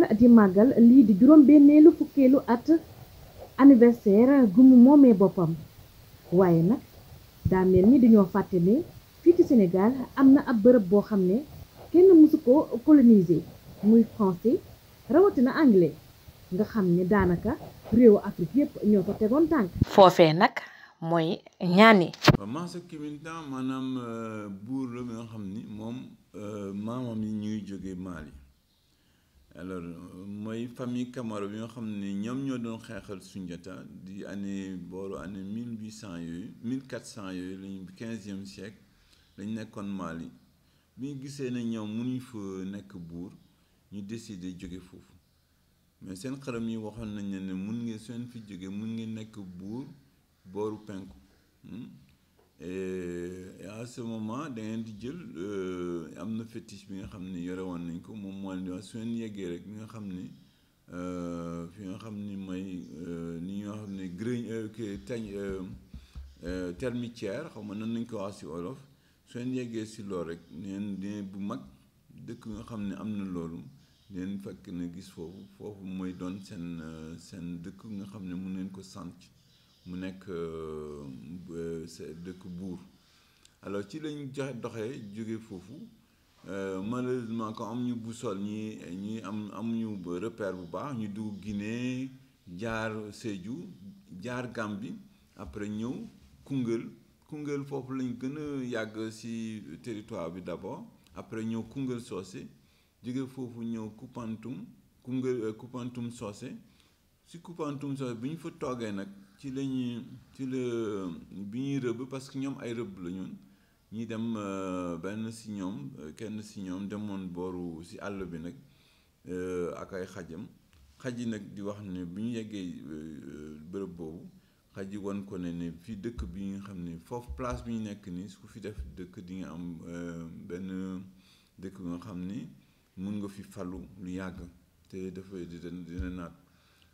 ren di màggal lii di juróom benneelu fukkeelu at anniversaire gu mu moomee boppam waaye nag daa mel ni dañoo fàtte ne fii ci Sénégal am na ab bërëb boo xam ne kenn mësu ko coloniser muy français rawatina anglais nga xam ne daanaka réewu Afrique yépp ñoo ko tegoon tànk. foofee nag mooy ñaani. Euh, euh, maamam yi ñuy jóge Mali. alors mooy famille Camara bi nga xam ne ñoom ñoo doon xeexal Sunjata di année booru année 1800 huit 1400 yooyu mille 15e siècle lañ nekkoon Mali bi ñu gisee ne ñoom mënuñ fa nekk buur ñu décider jóge foofu mais seen xaram yi waxoon nañ ne mun ngeen seen fi jóge mun ngeen nekk buur booru penku hmm? Euh, et a ce moment da di jël euh, am na fétiche bi nga xam ni yore woon nañ ko moom moo leen di wax su ngeen yeggee rek nga xam ni euh, fi nga xam ni mooy ni ñoo xam ne gré tañ termitière xaw ma nan nañ ko wax si olof su ngeen yeggee si lool rek neen dine bu mag dëkk nga xam ne am na loolu neen fekk na gis foofu foofu mooy doon seen seen dëkk nga xam ne mun neen ko sànc mu nekk euh, dëkk buur alors ci lañ joxe doxee jóge foofu euh, malheureusement quand am ñu boussole ñi ñi am am ñu repère bu baax ñu dugg Guinée jaar Sédhiou jaar Gambie après ñëw Koungheul Koungheul foofu lañ gën a yàgg ci territoire bi d'abord après ñëw Koungheul saucé jóge foofu ñëw Koupantoum Koungheul euh, Koupantoum saucé si Koupantoum Socé bi ñu fa toogee nag ci lañuy ci la bi ñuy rëbb parce que ñoom ay rëbb la ñun ñi dem euh, benn si ñoom kenn si ñoom demoon booru si àll bi nag euh, ak ay xajam xaj yi nag di wax ne bu ñu yeggee euh, bërëb boobu xaj yi wan ko ne ne fii dëkk bi nga xam ne foofu place bi ñu nekk nii su fi def dëkk di nga am benn dëkk bi nga xam ni mun nga fi falu lu yàgg te dafa dina naat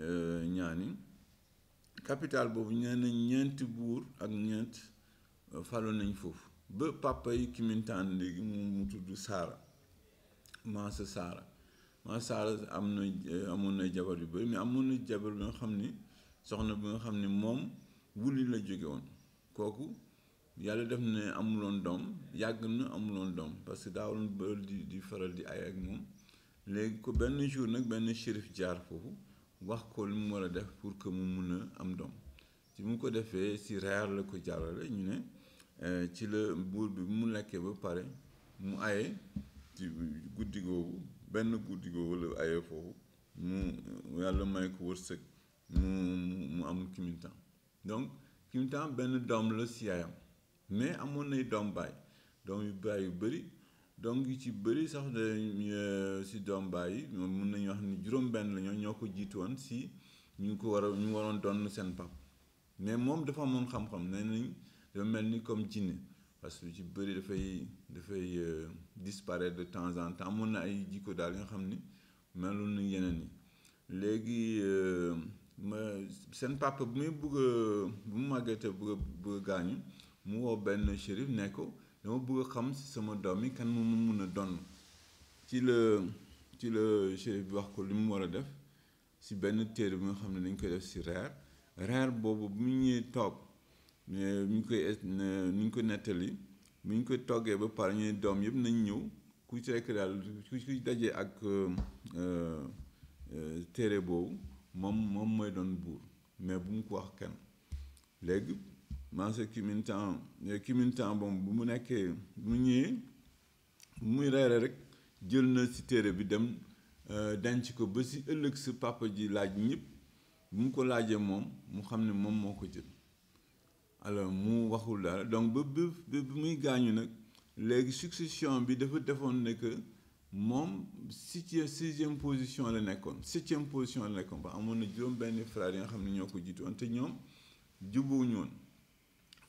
ñaani capital boobu ñeena nañ ñeenti buur ak ñeent faloon nañ foofu ba papa yi kimintaan léegi mu mu tudd saara maasa saara maasa saara am na amoon na jabar yu bëri mais amoon na jabar bi nga xam ni soxna bi nga xam ni moom wulli la jóge woon kooku yàlla def ne amuloon doom yàgg na amuloon doom parce que daawul bëri di di faral di ay ak moom léegi ko benn jour nag benn shérif jaar foofu wax ko lu mu war a def pour que mu mun a am doom ci mu ko defee si reer la ko jàllale ñu ne euh, ci la buur bi mu lekkee ba pare mu aye ci guddi googu benn guddi googu la aye foofu mu yàlla may ko wërsëg mu mu am kimintaan donc kimintaan benn doom la si yaayam mais amoon nay doom baay doom yu baay yu donc yu ci bëri sax de euh, ci doom baay moom mun nañu wax ni juróom-benn la ñoo ñoo ko jiitu woon si ñu ko war ñu waroon doon seen pap mais moom dafa amoon xam-xam nee nañ dafa mel ni comme jinne parce que ci bëri dafay dafay euh, disparaître de temps en temps amoon na ay jikko daal nga xam ni melul ni yeneen yi léegi euh, ma seen papa bu muy bugg a bu mu màggatee bugg bugg gaañu mu woo benn shérif ne ko dama bëgg xam si sama doom yi kan moom mu mun a donn ci la ci la chérif bi wax ko li mu war a def si benn téere bi nga xam ne dañ koy def si reer reer boobu bu ñu ñuy toog ñu ngi koy ñu ngi ko nettali mu ñu koy toggee ba pare ñuy doom yëpp nañ ñëw ku ci rekk daal ku ci dajee ak euh, euh, téere boobu moom moom mooy doon buur mais bu mu ko wax kenn léegi mancé kimintaan mais kimintaan bon bu mu nekkee bu mu ñëwee muy reere rek jël na ci téere bi dem euh denc ko ba si ëllëg si papa ji laaj ñëpp bu mu ko laajee mom mu xamné mom moko moo jël alors mu waxul dara donc ba bi bi muy gañu nak légui succession bi dafa defoon ne que moom sixième sixième position la 7e position la nekkoon ba amoon na benn frère yi nga xam ñoko ñoo ko ñom te ñoom jubuwuñu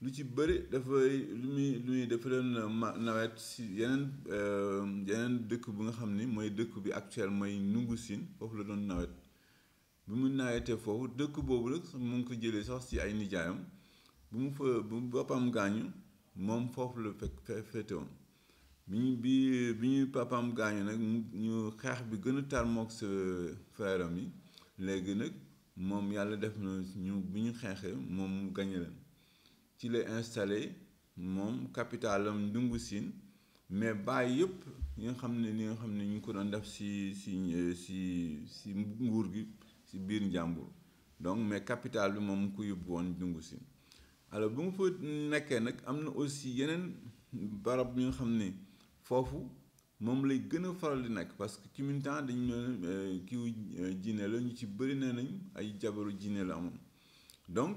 lu ci bëri dafay lu muy lu ñuy dafa doon nawet si yeneen euh, yeneen dëkk bu nga xam ni mooy dëkk bi actuel mooy nungu siin foofu la doon nawet bi mu nawetee foofu dëkk boobu rek mu ngi ko jëlee sax si ay nijaayam bu mu fa bu boppam gaañu moom foofu la fekk féete woon bi bi bi ñuy papaam gaañu nag ñu xeex bi gën a tar mook sa frère am yi léegi nag moom yàlla def na ñu bu ñu xeexee moom mu gañe leen ci la installé moom capitalam Ndungu Sine mais bàyyi yëpp ñi nga xam ne ni nga xam ne ñu ko doon def si si si si nguur gi si biir njàmbur donc mais capital bi moom ko yóbbu woon Ndungu Sine alors bu mu fa nekkee nag am na aussi yeneen barab bi nga xam ne foofu moom lay gën a faral di nekk parce que ci même dañu ne euh, kiw euh, jinne la ñu ci bëri ne nañ ay jabaru jinne la amoon donc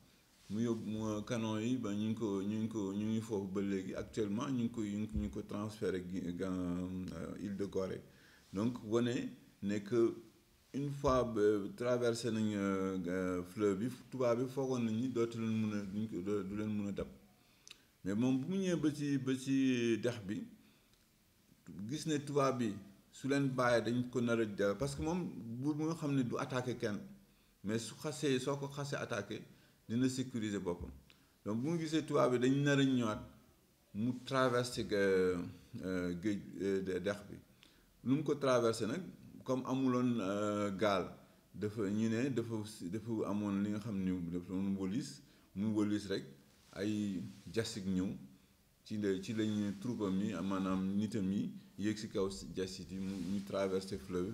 mu canon yi ba ñu ko ñu ko ñu ngi ba léegi actuellement ñu ko ñu ko transféré euh, île de Gorée donc woné ne que une fois ba traversé nañ euh, fleuve bi tubaab bi foogoon nañ ni dootu mëna mun ko du len mëna dab mais mom bu mu ñëw ba ci ba ci dex bi gis né tubaab bi su len bàyyee dañ ko nar a parce que mom bu mu xamné du attaquer kenn mais su xasee soko ko attaquer dina sécuriser bopam donc bu ngi gisee tubaab bi dañ nar a ñëwaat mu traversé euh, géej euh, dex bi lu mu ko traverser nag comme amuloon euh, gaal dafa ñu ne dafa dafa amoon li nga xam ni dafa doon wëlis mu wëlis rek ay jasig ñëw ci la ci lañu troupam yi maanaam nitam yi yéeg si kaw jasit yi mu ñu traversé fleuve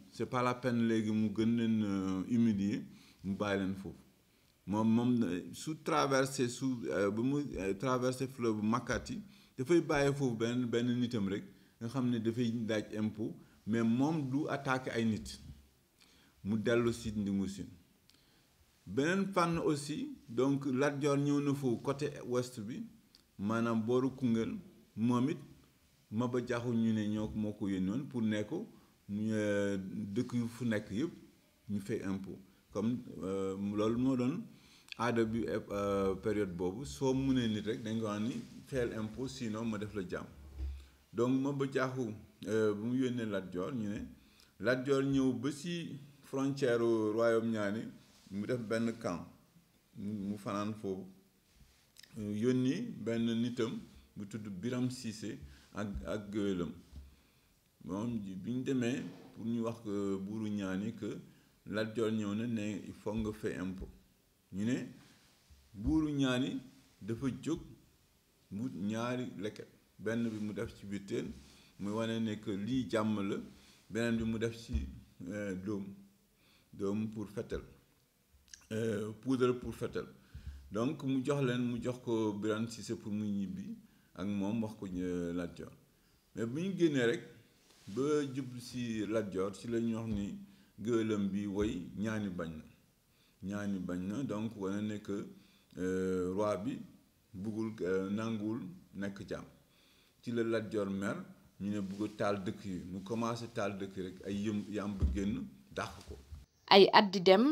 c'est pas la peine légui mu gën leen euh, humilier mu bàyyi leen foofu mom moom su traversé su euh, bu mu euh, traverser fleuve Makati da fay baye fof ben ben nitam rek nga xam da fay daj impo mais mom du attaquer ay nit mu dellu si Ndingu Sine beneen fànn aussi donc Lat Joor ñëw na foofu côté ouest bi manam boru Koungheul momit it Maba Jaxu ñu ne ñoo moko ko pour neko Euh, dëkk yu fu nekk yëpp ñu fay impôt comme euh, loolu moo doon aada bi euh, période boobu soo mënee nit rek dañ ko ni fayal impôt sinon ma def la jàmm donc Maba Diakhou bu mu yónnee Lat Joor ñu ne Lat ñëw ba si frontière royaume ñaani mu def benn camp mu fanaan foofu yónni benn nitam bu tudd Biram Cissé ak ak géwélam moom biñ ñu demee pour ñu wax que buuru ñaani que Lat Joor ñëw na ne il faut nga fay impôt ñu ne buuru ñaani dafa jóg mu ñaari leket benn bi mu def ci biir teen muy wane ne que lii jàmm la beneen bi mu def ci euh, dóom dóom pour fetel euh, poudre pour fetel donc mu jox leen mu jox ko Birane Cissé pour mu ñibbi ak moom wax ko euh, Lat Joor mais bu ñu génnee rek ba jub si Lat ci si la ñuy ni gëlam bi woy ñaani bañ na ñaani bañ na donc wane ne que euh, roi bi buggul euh, nanguwul nekk jaam ci la Lat mer ñu ne bugg taal dëkk yi mu commencé taal dëkk yi rek ay yëm yam génn dàq ko ay at di dem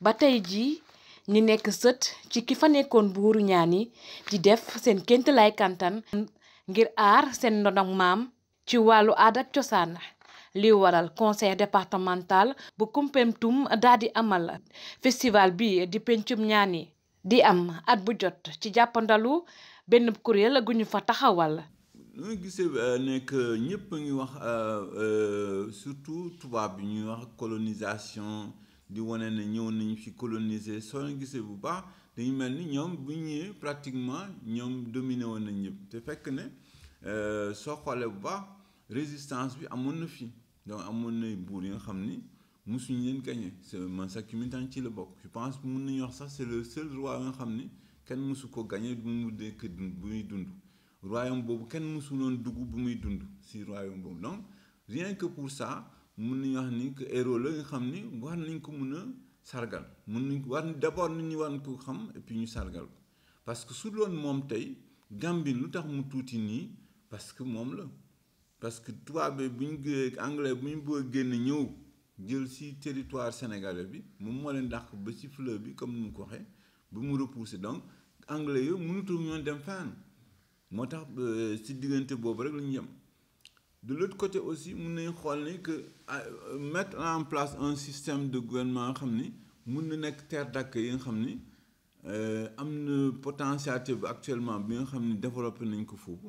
ba tey jii ñu nekk sët ci ki fa nekkoon buuru ñaani di def seen kent kéntalaay kantan ngir aar seen ndonam maam ci walu aada ak li waral conseil départemental bu kumpemtum daal amal festival bi di pencum ñani di am at bu jot ci jappandalu ben kuréel guñu fa taxawal. ñu gisee euh, nek ñepp ngi wax euh, euh, surtout tuba bi ñu wax colonisation di wane ne ñëw nañu fi coloniser so soo gisee bu baax dañu melni ñom ñoom bu ñëwee pratiquement ñom dominé woon nañ ñëpp te fekk ne so xolé bu baax résistance bi amoon na fii donc amoon na buur yi nga xam ni musuñu leen gagné c' est Mansac Mintan ci la bokk je pense mun nañu wax sax c' est le seul roi nga xam ni kenn musu ko gagné bu mu nekk dund bu muy dund royaume boobu kenn musu loon dugg bu muy dund si royaume boobu donc rien que pour ça mun nañu wax ni que héros la nga xam ni war nañ ko mun a sargal mun nañ war d' abord nit ñi war ko xam et puis ñu sargal ko parce que su loon moom tey Gambie lu tax mu tuuti nii parce que moom la parce que toi bi bu ñu anglais bu bo bëgg génn ñëw jël ci territoire sénégalais bi mu mo leen dàq ba ci fleuve bi comme ni ko waxé bu mu repoussé donc anglais yo mënutu ñoon dem fan motax ci euh, digënté bobu rek la ñu yem de l'autre côté aussi mun nañ xool ni que ah, mettre en place un système de gouvernement xamni ni mun na nekk terre d'accueil yi nga xamni euh am na potentialité actuellement bi nga xamni développer nañ ko foofu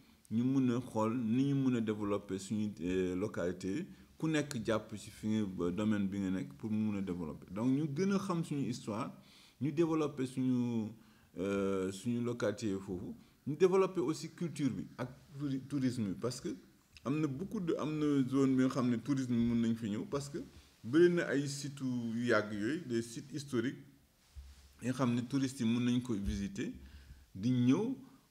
ñu mun a xool ni ñu mun a développer suñu euh, localité ku nekk jàpp ci fi nga domaine bi nga nekk pour mu a développer donc ñu gën a xam suñu histoire ñu développer suñu euh, suñu localité foofu ñu développer aussi culture bi ak tourisme bi parce que am na beaucoup de am na zone bi nga xam ne tourisme bi nañ fi ñëw parce que bëri na ay sites yu yàgg yooyu des sites historiques yi nga xam ne touristes yi mun nañ visiter di ñëw.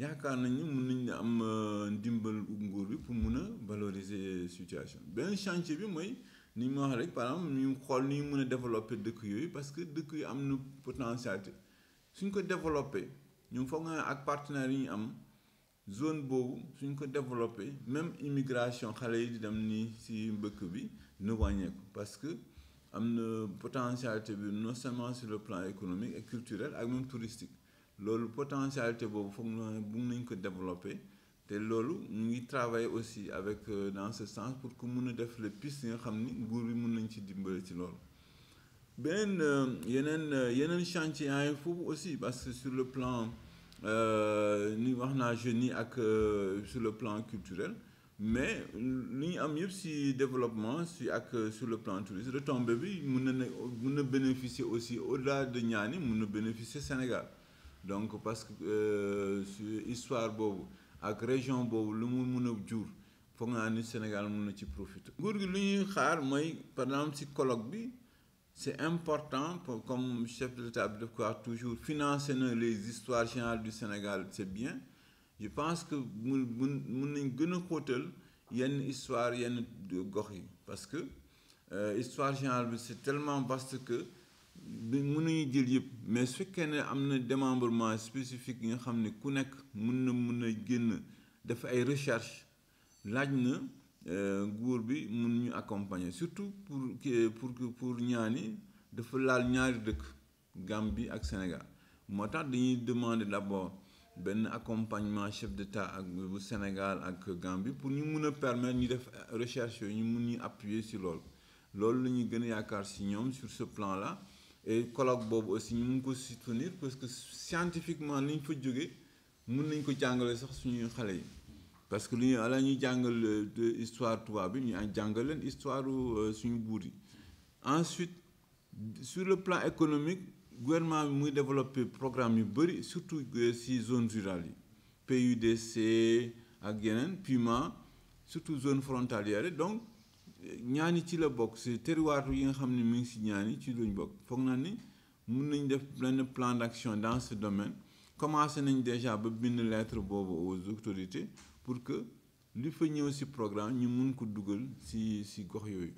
yaakaar nañu mun nañ am euh, ndimbal nguur bi pour mun a valoriser situation benn chantier bi mooy ni ma wax rek par exemple ñu xool ni ñu mun a développer dëkk yooyu parce que dëkk yi am na potentialité suñ ko développer ñu foog nga ak partenaire yi ñu am zone boobu suñ ko développer même immigration xale yi di dem ni si mbëkk bi dina wàññeeku parce que am na potentialité bi non seulement sur le plan économique et culturel ak même touristique loolu potentialité boobu foog na bu nañ ko développer te loolu ñu travailler aussi avec euh, dans ce sens pour que mun a def le piste nga xam ni nguur bi mun nañ ci dimbali ci loolu beneen euh, yeneen euh, yeneen chantier yaa ngi aussi parce que sur le plan ni wax naa jeunes ak sur le plan culturel mais li ñu am yëpp si développement si ak sur le plan touriste retombé bi mun na ne mun bénéficier aussi au-delà de Niani mun bénéficier Sénégal donc parce que euh, histoire et ak région bobu lu mu monde a jur Faut naa Sénégal profite. na ci profiter. nguur gi lu ñuy xaar par exemple si colloque bi c'est important pour comme chef de l'État, de toujours financer les histoires générales du Sénégal C'est bien je pense que mun une mun nañ y a yenn histoire yenn gox parce que euh, histoire générale c'est tellement vaste que mënuñu jël yëpp mais su fekkee ne am na démembrement spécifique yi nga xam ne ku nekk mën na mën a génn def ay recherche laaj na euh, nguur bi mun ñu accompagner surtout pour pour pour ñaani dafa laal ñaari dëkk Gambie ak Sénégal moo tax dañuy demander d'abord benn accompagnement chef d'État ak bu Sénégal ak Gambie pour ñu mun a permettre ñu def recherche yooyu ñu mun ñu appuyer si loolu loolu la ñuy gën a yaakaar si ñoom sur ce plan là et colloque Bob aussi ñu mun ko soutenir parce que scientifiquement il faut fa jógee mun nañ ko jàngale sax suñu xalé yi parce que li ñu ala ñuy jàngal histoire bi ñu jàngal leen histoire euh, suñu ensuite sur le plan économique gouvernement a muy développé programme yu bëri surtout euh, si zone rurale yi PUDC ak yeneen PUMA surtout zone frontalière donc ñaani ci la bokk si teriwaatu yi nga xam ne mi ngi si ñaani ci luñ bokk foog naa ni mun nañ def benn plan d'action dans ce domaine commencé nañ déjà ba bind lettre boobu aux autorités pour que li fa ñëw si programme ñu mun ko dugal si si gox yooyu